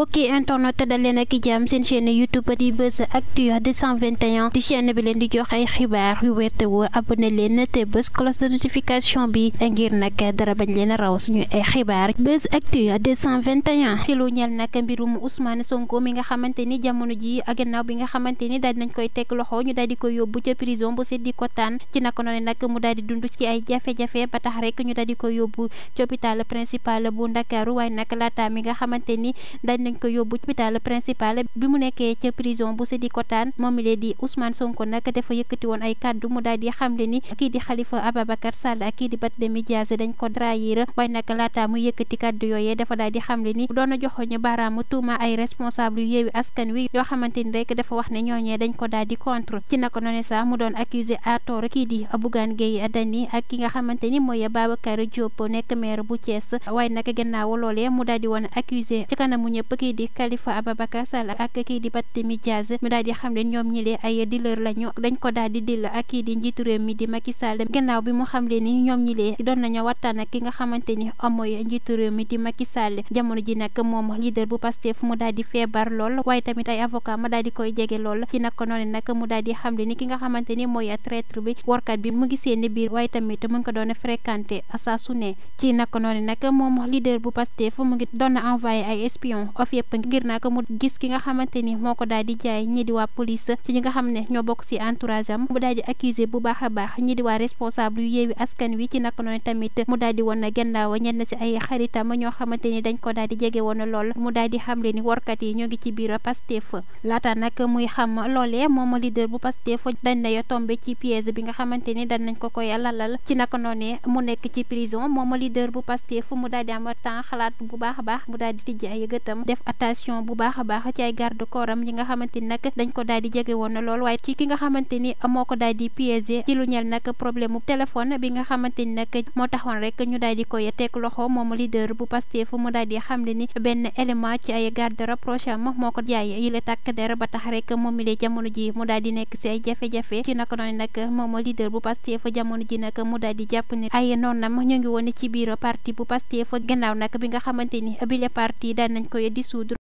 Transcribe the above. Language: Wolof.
mbokki internet da leen ak jàmm seen chaîne youtube di Buzz Actu 221 di chaîne bi leen di jox ay xibaar yu wér te wóor abonné leen te bés cloche de notification bi ngir nag dara bañ leen raw suñu ay xibaar Buzz Actu 221 mbirum Ousmane Sonko mi nga xamante ni jamono ji ak bi nga xamante ni daal nañ koy teg loxo ñu daal di koy yóbbu ca prison bu seddi kotaan ci naka noonu nag mu daal di dund ci ay jafe-jafe ba tax rek ñu daal di koy yóbbu ci hôpital principal nañ ko yóbbu hôpital principal bi mu nekkee ca prison bu Sébikotane moom mi lee di Ousmane Sonko nag dafa yëkkati woon ay kàddu mu daal xamle ni kii di Khalifa Ababacar Sall ak kii di Barthélémy Dias dañ ko trahir waaye nag laata mu yëkkati kàddu yooyee dafa daal xamle ni doon joxoñu baaraamu tuuma ay responsable yu yeewi askan wi yoo xamante ni dafa wax ne ñooñee dañ ko daal di ci naka noonu mu doon accusé à kii di Bougane Gueye Dany kii di Khalifa Ababacar Sall ak kii di Barthélémy Dias mu daal di xam ne ñoom ñi lee ay dealer lañu dañ ko daal di dil ak kii di njiitu mi di Macky gannaaw bi mu xam le ni ñoom ñi lee doon nañu waxtaan ak ki nga xamante ni amoy njiitu réew mi di Macky Sall jamono ji nag moom leader bu Pastef mu daal di feebar lool waaye tamit ay avocat mu daal di koy jege lool ci nag noonu nag di xam le ni ki nga xamante ni mooy traître bi warkat bi mu ngi seen biir waaye tamit mu ngi ko doon fréquenté saa su ne ci nag noonu nag moom leader bu Pastef foofu yëpp ngir nag mu gis ki nga xamante ni moo ko daal di jaay ñii di waa police ci ñi nga xam ne ñoo bokk si entourage am mu daal di accusé bu baax a baax ñii di waa responsable yu yeewi askan wi ci naka noonu tamit mu daal di woon gannaaw ñenn si ay xaritam ñoo xamante ni dañ ko daal di jege woon lool mu daal di xamle ni yi ñoo ngi ci biir Pastef laata nag muy xam loolee moom leader bu Pastef dañ na yo tombé ci piège bi nga xamante ni dañ nañ a baax mu daal def attention bu baax a baax ci ay garde corps am yi nga xamante ni nag dañ ko daal di jege woon lool waaye ci ki nga xamante ni moo ko daal di piégé ci lu ñeel nag problème mu bi nga xamante ni nag moo taxoon rek ñu daal di koy teg loxo moom leader bu Pastef mu daal di xamle ni benn élément ci ay garde rapproché am moo ko jaay yi la tàkk der ba tax rek moom mi jamono ji mu daal di nekk si ay jafe-jafe ci naka noonu nag moom leader bu bu Pastef سودر